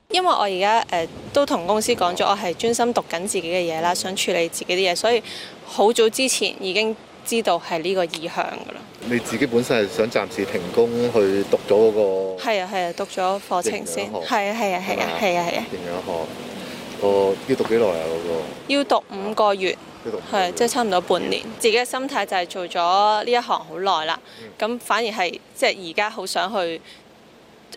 因為我而家誒都同公司講咗，我係專心讀緊自己嘅嘢啦，想處理自己啲嘢，所以好早之前已經知道係呢個意向噶啦。你自己本身係想暫時停工去讀咗嗰個？係啊係啊，讀咗課程先。係啊係啊係啊係啊係啊。營養學？個、啊啊啊啊啊啊啊、我要讀幾耐啊？嗰個要讀五個月。要讀係，即係、就是、差唔多半年。嗯、自己嘅心態就係做咗呢一行好耐啦，咁、嗯、反而係即係而家好想去。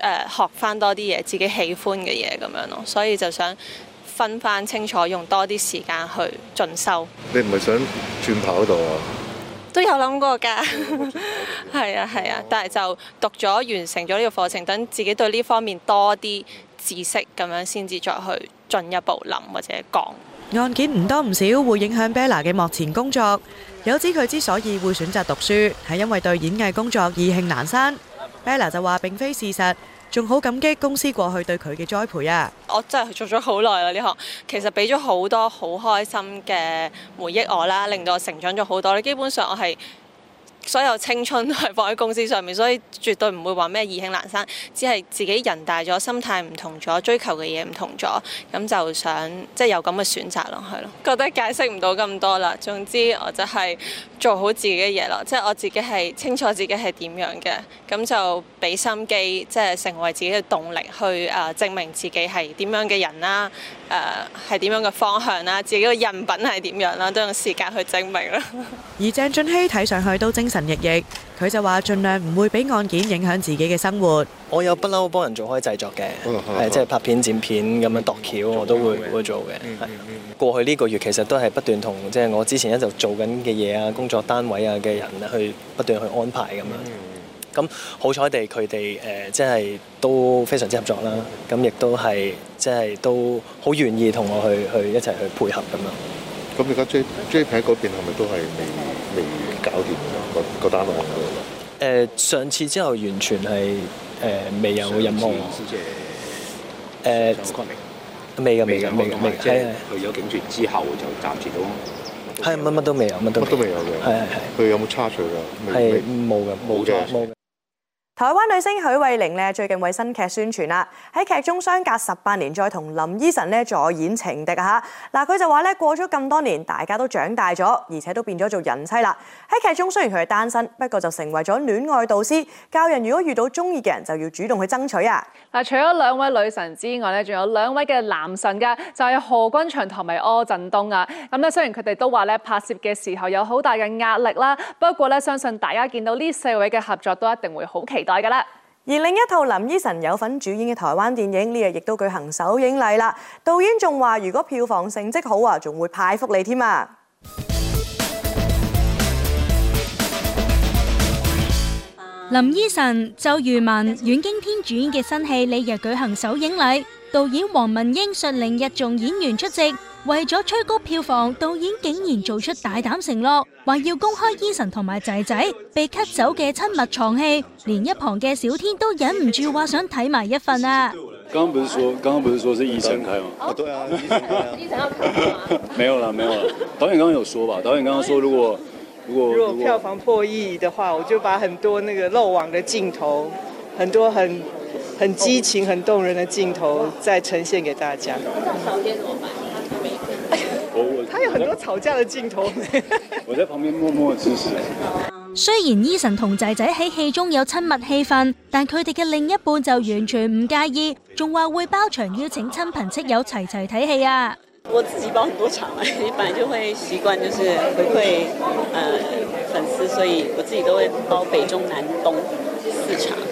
誒學翻多啲嘢，自己喜歡嘅嘢咁樣咯，所以就想分翻清楚，用多啲時間去進修。你唔係想轉跑道啊？都有諗過㗎，係啊係啊，但係就讀咗完成咗呢個課程，等自己對呢方面多啲知識，咁樣先至再去進一步諗或者講。案件唔多唔少，會影響 Bella 嘅幕前工作。有知佢之所以會選擇讀書，係因為對演藝工作意興闌珊。Bella 就話並非事實。仲好感激公司過去對佢嘅栽培啊！我真係做咗好耐啦呢行，其實俾咗好多好開心嘅回憶我啦，令到我成長咗好多。呢基本上我係。所有青春都係放喺公司上面，所以絕對唔會話咩意興闌珊，只係自己人大咗，心態唔同咗，追求嘅嘢唔同咗，咁就想即係、就是、有咁嘅選擇落去咯。覺得解釋唔到咁多啦，總之我就係做好自己嘅嘢咯，即、就、係、是、我自己係清楚自己係點樣嘅，咁就俾心機即係成為自己嘅動力，去誒證明自己係點樣嘅人啦，誒係點樣嘅方向啦，自己嘅人品係點樣啦，都用時間去證明啦。而鄭俊熙睇上去都精。陳奕奕，佢就話盡量唔會俾案件影響自己嘅生活。我有不嬲幫人做開製作嘅，係 [noise] 即係拍片剪片咁 [noise] 樣度橋，我都會會做嘅。係 [noise] 過去呢個月其實都係不斷同即係我之前一就做緊嘅嘢啊，工作單位啊嘅人去不斷去安排咁樣。咁好彩地，佢哋誒即係都非常之合作啦。咁亦都係即係都好願意同我去去一齊去配合咁樣。咁而家 J J 喺嗰邊係咪都係未？未搞掂個個單案嗰度。誒上次之後完全係誒未有任何喎。誒未嘅未有，未即係去咗警署之後就暫時都係乜乜都未有，乜都都未有嘅。係係係。佢有冇差錯㗎？係冇㗎，冇嘅。台灣女星許慧玲咧最近為新劇宣傳啦，喺劇中相隔十八年再同林依晨咧助演情敵嚇。嗱佢就話咧過咗咁多年，大家都長大咗，而且都變咗做人妻啦。喺劇中雖然佢係單身，不過就成為咗戀愛導師，教人如果遇到中意嘅人就要主動去爭取啊。嗱，除咗兩位女神之外咧，仲有兩位嘅男神噶，就係何君祥同埋柯震東啊。咁咧雖然佢哋都話咧拍攝嘅時候有好大嘅壓力啦，不過咧相信大家見到呢四位嘅合作都一定會好期待。來噶啦！而另一套林依晨有份主演嘅台灣電影呢日亦都舉行首映禮啦。導演仲話：如果票房成績好啊，仲會派福利添啊！林依晨、周渝民、阮經天主演嘅新戲呢日舉行首映禮，導演黃文英率領一眾演員出席。為咗吹高票房，導演竟然做出大膽承諾，話要公開 Eason 同埋仔仔被咳走嘅親密床戲，連一旁嘅小天都忍唔住話想睇埋一份啊！剛剛不是說，剛剛不是說是 Eason 睇嗎？啊、哦，對啊，Eason，Eason 啊， [laughs] 沒有啦，沒有啦，導演剛剛有說吧？導演剛剛說，如果如果如果票房破億嘅話，我就把很多那個漏網嘅鏡頭，很多很很激情、很動人的鏡頭再呈現給大家。有很多吵架的鏡頭，我在旁邊默默的支持。 [laughs] 雖然 Eason 同仔仔喺戲中有親密氣氛，但佢哋嘅另一半就完全唔介意，仲話會包場邀請親朋戚友齊齊睇戲啊！我自己包很多場，反正就會習慣，就是回饋、呃、粉絲，所以我自己都會包北中南東四場。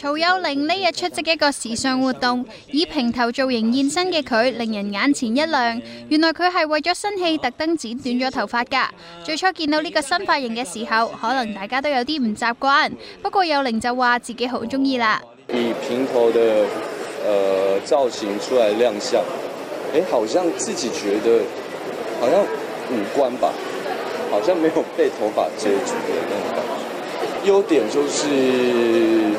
曹幼玲呢日出席一個時尚活動，以平頭造型現身嘅佢，令人眼前一亮。原來佢係為咗新戲特登剪短咗頭髮噶。最初見到呢個新髮型嘅時候，可能大家都有啲唔習慣。不過幼玲就話自己好中意啦。以平頭的，呃、造型出來亮相，誒，好像自己覺得，好像五官吧，好像沒有被頭髮遮住嘅那種感覺。優點就是。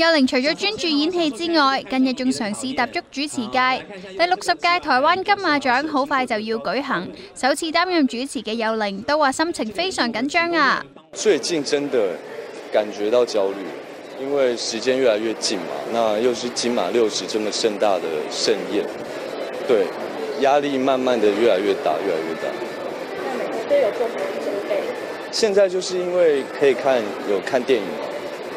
幼玲除咗專注演戲之外，近日仲嘗試踏足主持界。第六十屆台灣金馬獎好快就要舉行，首次擔任主持嘅幼玲都話心情非常緊張啊。最近真的感覺到焦慮，因為時間越來越近嘛，那又是金馬六十這麼盛大的盛宴，對壓力慢慢的越來越大，越來越大。現在就是因為可以看有看電影。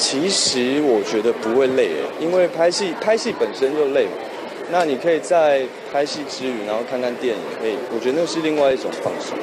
其實我覺得不會累誒，因為拍戲拍戲本身就累嘛，那你可以在拍戲之餘，然後看看電影，可以，我覺得那是另外一種放鬆。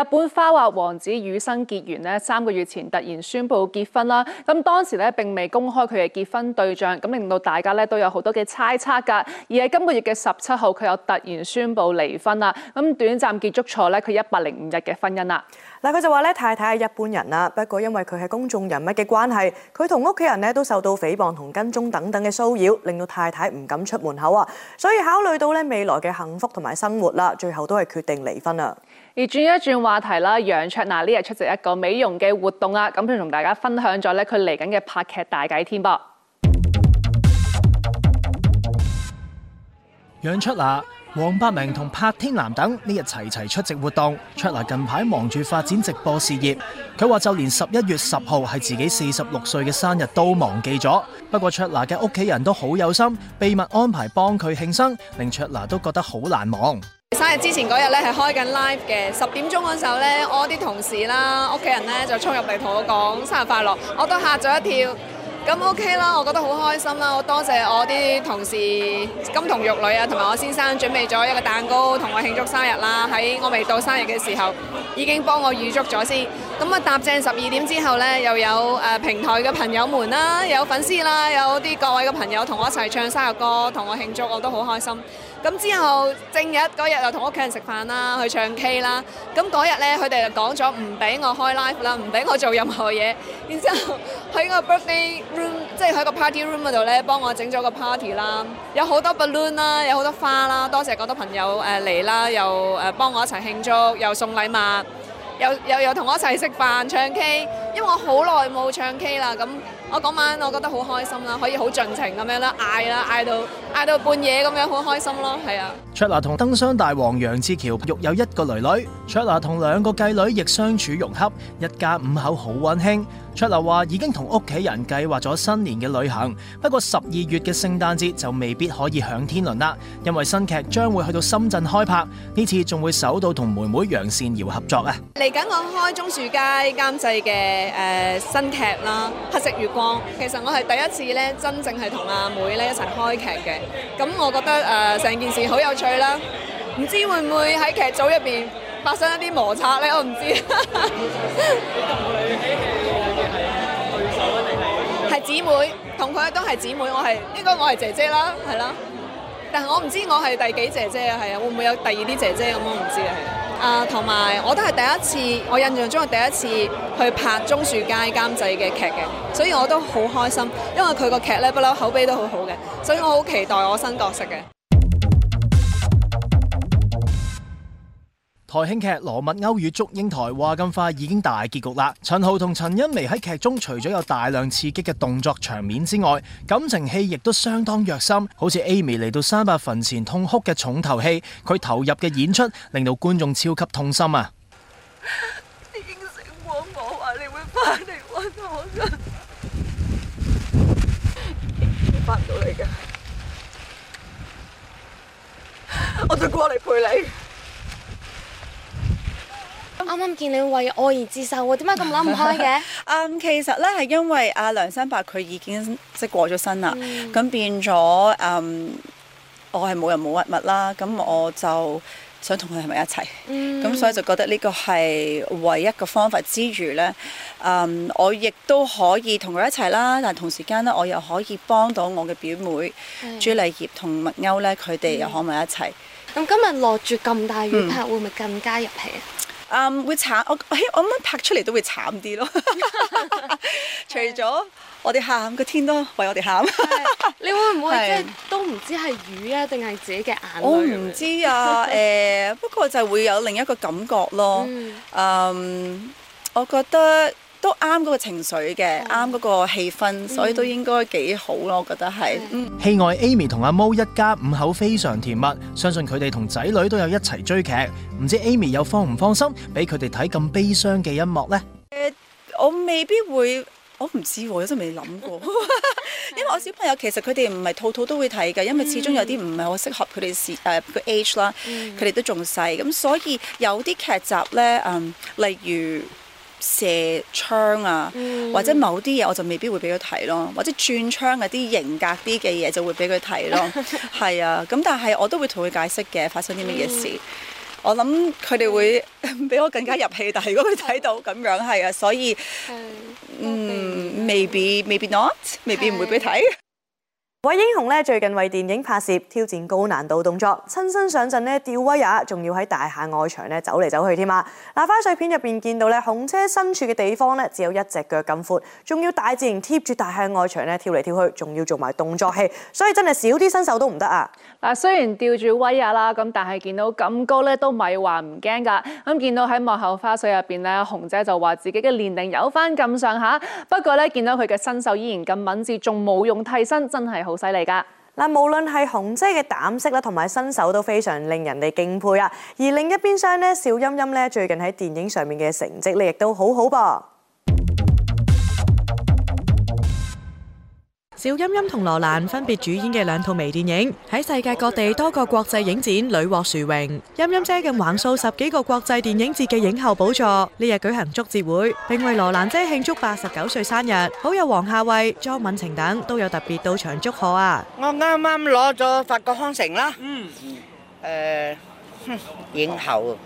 日本花滑王子羽生結弦咧，三個月前突然宣布結婚啦。咁當時咧並未公開佢嘅結婚對象，咁令到大家咧都有好多嘅猜測㗎。而喺今個月嘅十七號，佢又突然宣布離婚啦。咁短暫結束咗咧佢一百零五日嘅婚姻啦。嗱，佢就話咧太太係一般人啦，不過因為佢係公眾人物嘅關係，佢同屋企人咧都受到誹謗同跟蹤等等嘅騷擾，令到太太唔敢出門口啊。所以考慮到咧未來嘅幸福同埋生活啦，最後都係決定離婚啦。而轉一轉話題啦，楊卓娜呢日出席一個美容嘅活動啦，咁佢同大家分享咗咧佢嚟緊嘅拍劇大計添噃。楊卓娜、黃百鳴同柏天南等呢日齊齊出席活動。卓娜近排忙住發展直播事業，佢話就連十一月十號係自己四十六歲嘅生日都忘記咗。不過卓娜嘅屋企人都好有心，秘密安排幫佢慶生，令卓娜都覺得好難忘。生日之前嗰日咧係開緊 live 嘅，十點鐘嗰時候呢，我啲同事啦、屋企人呢，就衝入嚟同我講生日快樂，我都吓咗一跳。咁 OK 啦，我覺得好開心啦，我多謝我啲同事金童玉女啊，同埋我先生準備咗一個蛋糕同我慶祝生日啦。喺我未到生日嘅時候，已經幫我預祝咗先。咁啊，搭正十二點之後呢，又有誒平台嘅朋友們啦，有粉絲啦，有啲各位嘅朋友同我一齊唱生日歌，同我慶祝，我都好開心。咁之後正日嗰日又同屋企人食飯啦，去唱 K 啦。咁嗰日呢，佢哋就講咗唔俾我開 live 啦，唔俾我做任何嘢。然之後喺個 birthday room，即係喺個 party room 嗰度呢，幫我整咗個 party 啦。有好多 balloon 啦，有好多花啦。多謝好多朋友誒嚟啦，又誒幫我一齊慶祝，又送禮物，又又又同我一齊食飯唱 K。因為我好耐冇唱 K 啦，咁。我嗰晚我覺得好開心啦，可以好盡情咁樣啦，嗌啦，嗌到嗌到半夜咁樣，好開心咯，係啊！卓娜同燈箱大王楊志喬育有一個囡囡，卓娜同兩個繼女亦相處融洽，一家五口好溫馨。出嚟話已經同屋企人計劃咗新年嘅旅行，不過十二月嘅聖誕節就未必可以享天倫啦，因為新劇將會去到深圳開拍，呢次仲會首度同妹妹楊善瑤合作啊！嚟緊我開《鍾澍佳》監製嘅誒新劇啦，《黑色月光》，其實我係第一次咧真正係同阿妹咧一齊開劇嘅，咁我覺得誒成件事好有趣啦，唔知會唔會喺劇組入邊發生一啲摩擦咧？我唔知。 [laughs] 姊妹同佢都係姊妹，我係應該我係姐姐啦，係啦。但係我唔知我係第幾姐姐啊，係啊，會唔會有第二啲姐姐咁、嗯？我唔知啊。啊，同埋我都係第一次，我印象中係第一次去拍《鍾澍佳監製》嘅劇嘅，所以我都好開心，因為佢個劇咧不嬲口碑都好好嘅，所以我好期待我新角色嘅。台慶劇《羅密歐與祝英台》話咁快已經大結局啦。陳豪同陳茵媺喺劇中除咗有大量刺激嘅動作場面之外，感情戲亦都相當虐心。好似 Amy 嚟到三伯墳前痛哭嘅重頭戲，佢投入嘅演出令到觀眾超級痛心啊！你應承過我，話你會翻嚟揾我嘅，你翻到嚟嘅，我就過嚟陪你。啱啱見你為愛而自首，點解咁諗唔開嘅、 [laughs] 嗯？其實咧係因為阿梁山伯佢已經即係過咗身啦，咁、嗯、變咗啊、嗯，我係冇人冇物物啦，咁我就想同佢喺埋一齊，咁、嗯嗯、所以就覺得呢個係唯一嘅方法之餘呢，嗯、我亦都可以同佢一齊啦，但同時間呢，我又可以幫到我嘅表妹、嗯、朱麗葉同麥歐咧，佢哋又可唔埋一齊。咁、嗯、今日落住咁大雨拍，會唔會更加入戲啊？嗯嗯，um, 會慘，我，嘿，我諗拍出嚟都會慘啲咯。 [laughs] 除咗我哋喊，個是天都為我哋喊 [laughs] 。你會唔會是即係都唔知係雨啊，定係自己嘅眼淚？我唔知啊，誒 [laughs] 呃，不過就會有另一個感覺咯。嗯，嗯，我覺得。都啱嗰個情緒嘅，啱嗰、嗯、個氣氛，所以都應該幾好咯，我覺得係。戲、嗯、外 Amy 同阿毛一家五口非常甜蜜，相信佢哋同仔女都有一齊追劇。唔知 Amy 有放唔放心俾佢哋睇咁悲傷嘅音樂呢？誒、呃，我未必會，我唔知喎，我真係未諗過。 [laughs] 因為我小朋友其實佢哋唔係套套都會睇嘅，因為始終有啲唔係好適合佢哋時誒個 age 啦、嗯，佢哋都仲細，咁所以有啲劇集咧，嗯，例如，射槍啊，嗯、或者某啲嘢我就未必會俾佢睇咯，或者轉槍嗰啲型格啲嘅嘢就會俾佢睇咯，係 [laughs] 啊。咁但係我都會同佢解釋嘅發生啲乜嘢事，嗯、我諗佢哋會俾、嗯、我更加入戲，但係如果佢睇到咁樣係啊，所以嗯未必，未必，maybe not，maybe 唔會俾佢睇。位英雄咧最近為電影拍攝挑戰高難度動作，親身上陣呢，吊威亞，仲要喺大廈外牆咧走嚟走去添啊！嗱，花絮片入邊見到咧，紅姐身處嘅地方咧只有一隻腳咁闊，仲要大自然貼住大廈外牆咧跳嚟跳去，仲要做埋動作戲，所以真係少啲新手都唔得啊！嗱，雖然吊住威亞啦，咁但係見到咁高咧都咪話唔驚噶。咁見到喺幕後花絮入邊咧，紅姐就話自己嘅年齡有翻咁上下，不過咧見到佢嘅身手依然咁敏捷，仲冇用替身，真係好犀利噶！嗱，無論係紅姐嘅膽色啦，同埋身手都非常令人哋敬佩啊。而另一邊廂咧，小音音咧，最近喺電影上面嘅成績咧，亦都好好噃。小音音同羅蘭分別主演嘅兩套微電影喺世界各地多個國際影展屢獲殊榮。音音姐勁橫掃十幾個國際電影節嘅影後寶座，呢日舉行祝捷會，並為羅蘭姐慶祝八十九歲生日。好友黃夏蕙、莊敏晴等都有特別到場祝賀啊！我啱啱攞咗法國康城啦，嗯，誒、呃，影後。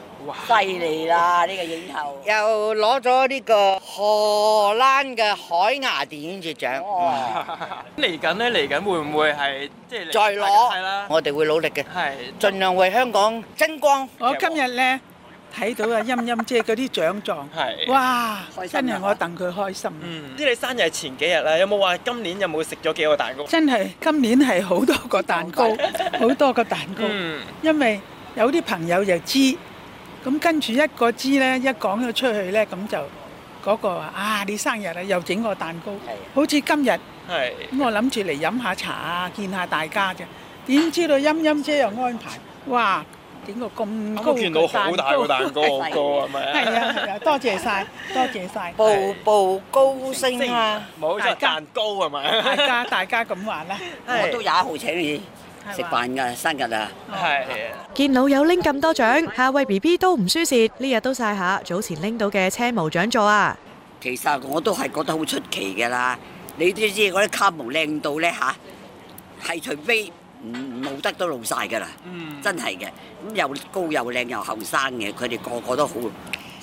犀利啦！呢個影后又攞咗呢個荷蘭嘅海牙電影節獎。嚟緊咧，嚟緊會唔會係即係再攞？我哋會努力嘅，盡量為香港爭光。我今日咧睇到啊，陰陰姐嗰啲獎狀，哇！真係我等佢開心。知你生日前幾日啦，有冇話今年有冇食咗幾個蛋糕？真係今年係好多個蛋糕，好多個蛋糕。因為有啲朋友就知。咁跟住一個支咧，一講咗出去咧，咁就嗰個話啊，你生日啊，又整個蛋糕，好似今日。係。咁我諗住嚟飲下茶啊，見下大家啫。點知道陰陰姐又安排，哇！整個咁高嘅蛋糕。我見到好大個蛋糕，個高啊咪。係啊係啊，多謝晒，多謝晒。步步高升啊！大蛋糕係咪？大家大家咁話啦，我都也好謝你。食飯噶，生日啊！係見老友拎咁多獎，下位 B B 都唔輸蝕。呢日都晒下早前拎到嘅車模獎座啊！其實我都係覺得好出奇噶啦。你都知嗰啲卡模靚到咧吓，係除非冇得都露晒噶啦，真係嘅。咁又高又靚又後生嘅，佢哋個個都好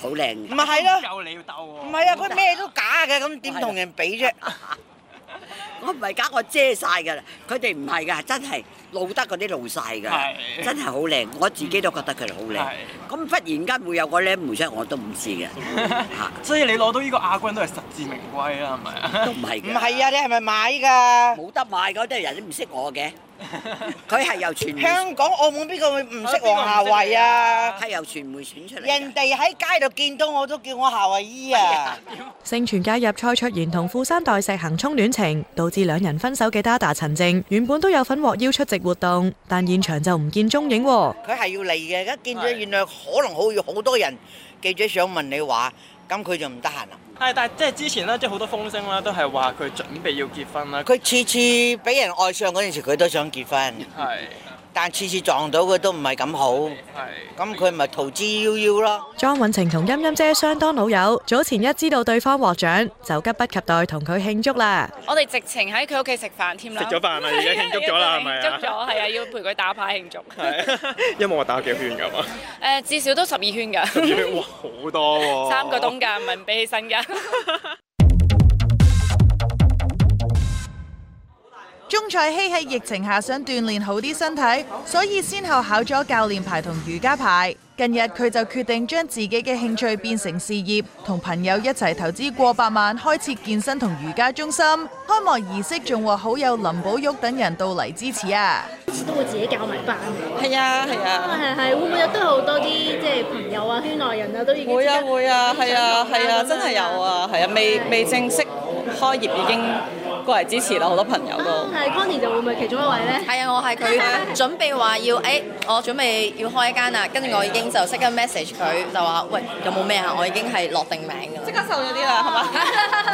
好靚。咪係咯，有你要鬥喎。唔係啊，佢咩都假嘅，咁點同人比啫？我唔係假，我遮晒㗎啦。佢哋唔係㗎，真係露得嗰啲露晒㗎，的真係好靚。我自己都覺得佢哋好靚。咁的忽然間會有個靚妹出，我都唔知嘅嚇。 [laughs] 啊、所以你攞到呢個亞軍都係實至名歸啦，係咪？都唔係嘅。唔係啊，你係咪買㗎？冇得買㗎，啲人你唔識我嘅。佢係 [laughs] 由傳香港、澳門邊個會唔識黃夏蕙啊？係由傳媒選出嚟。人哋喺街度見到我都叫我夏蕙姨啊！盛、哎、呀傳介入蔡卓妍同富三代石行沖戀情，導致兩人分手嘅 Dada 陳靜，原本都有份獲邀出席活動，但現場就唔見蹤影喎、啊。佢係要嚟嘅，而家見咗，原來可能好好多人記者想問你話。咁佢就唔得閒啦。係，但係即係之前咧，即係好多風聲啦，都係話佢準備要結婚啦。佢次次畀人愛上嗰陣時，佢都想結婚。係。但次次撞到佢都唔係咁好，咁佢咪逃之夭夭咯？莊韻晴同鑫鑫姐相當老友，早前一知道對方獲獎，就急不及待同佢慶祝啦。我哋直情喺佢屋企食飯添啦。食咗飯啦，已經慶祝咗啦，係咪啊？祝咗，係啊，要陪佢打牌慶祝。因為我打咗幾圈㗎嘛？誒，至少都十二圈㗎。十二圈，哇，好多喎！三個東㗎，唔係唔俾起身㗎。鍾彩希喺疫情下想鍛煉好啲身體，所以先後考咗教練牌同瑜伽牌。近日佢就決定將自己嘅興趣變成事業，同朋友一齊投資過百萬，開設健身同瑜伽中心。開幕儀式仲話好友林寶玉等人到嚟支持啊！每次都會自己搞埋班，係啊係啊，係係、啊啊啊啊、會唔會有得好多啲即係朋友啊、圈內人啊都已經會啊會啊係啊係啊真係有啊係啊，啊未未正式開業已經過嚟支持啦好、啊、多朋友都。咁係 Connie 就會唔會其中一位咧？係啊， [laughs] 啊，我係佢準備話要誒、哎，我準備要開一間啊，跟住我已經。就即刻 message 佢就話：喂，有冇咩啊？我已經係落定名㗎啦。即刻瘦咗啲啦，係嘛？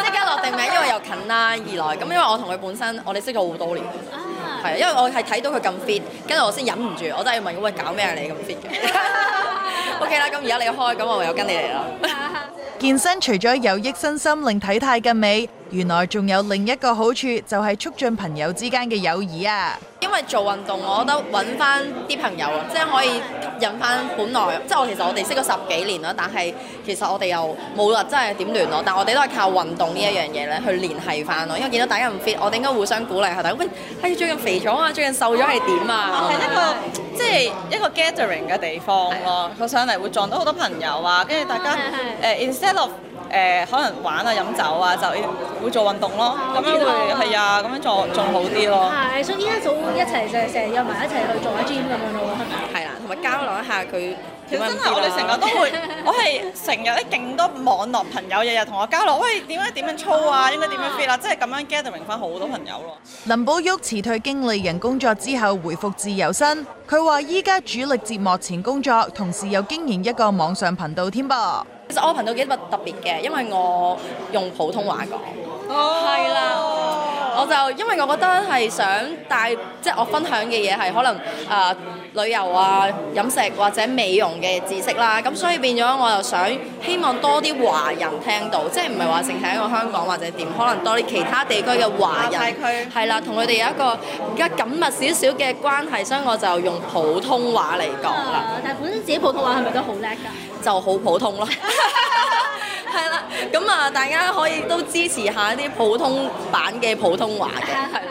即刻落定名，因為又近啦，二來咁，因為我同佢本身，我哋識咗好多年。啊、嗯！係啊，因為我係睇到佢咁 fit，跟住我先忍唔住，我真係要問：喂，搞咩啊你咁 fit 嘅 [laughs] [laughs] ？OK 啦，咁而家你開，咁我唯有跟你嚟啦。 [laughs] 健身除咗有益身心令體態更美，原來仲有另一個好處，就係、是、促進朋友之間嘅友誼啊！因為做運動，我覺得揾翻啲朋友啊，即係可以吸引翻本，本來。即係我其實我哋識咗十幾年啦，但係其實我哋又冇話真係點聯絡，但係我哋都係靠運動呢一樣嘢咧去聯繫返咯。因為見到大家唔 fit，我哋應該互相鼓勵下。大家喂，最近肥咗啊？最近瘦咗係點啊？係、啊、一個是是即係一個 gathering 嘅地方咯。的上嚟會撞到好多朋友啊，跟住大家誒的、呃、instead of 誒、呃、可能玩啊、飲酒啊，就會做運動咯。咁哇樣會係啊，咁樣，樣做仲好啲咯。係，所以依家組一齊就成日約埋一齊去，去，去做下 gym 咁樣咯。的的咪交流一下佢。其實真係我哋成日都會，我係成日咧勁多網絡朋友，日日同我交流，可以點樣點樣操啊，應該點樣 fit 啦，即係咁樣 gathering 翻好多朋友咯。林保育辭退經理人工作之後，回復自由身，佢話依家主力節幕前工作，同時又經營一個網上頻道添噃。其實我頻道幾特特別嘅，因為我用普通話講，係啦，我就因為我覺得係想帶，即係我分享嘅嘢係可能啊。旅遊啊、飲食或者美容嘅知識啦，咁所以變咗我又想希望多啲華人聽到，即係唔係話淨係一個香港或者點，可能多啲其他地區嘅華人，係、啊、啦，同佢哋有一個而家緊密少少嘅關係，所以我就用普通話嚟講啦，啊。但係本身自己普通話係咪都好叻㗎？就好普通咯，係啦，咁 [laughs] 啊大家可以都支持一下啲普通版嘅普通話嘅。 [laughs]